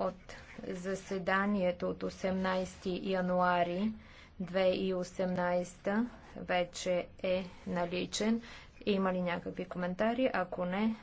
от заседанието от 18 януари 2018 вече е наличен. Има ли някакви коментари? Ако не,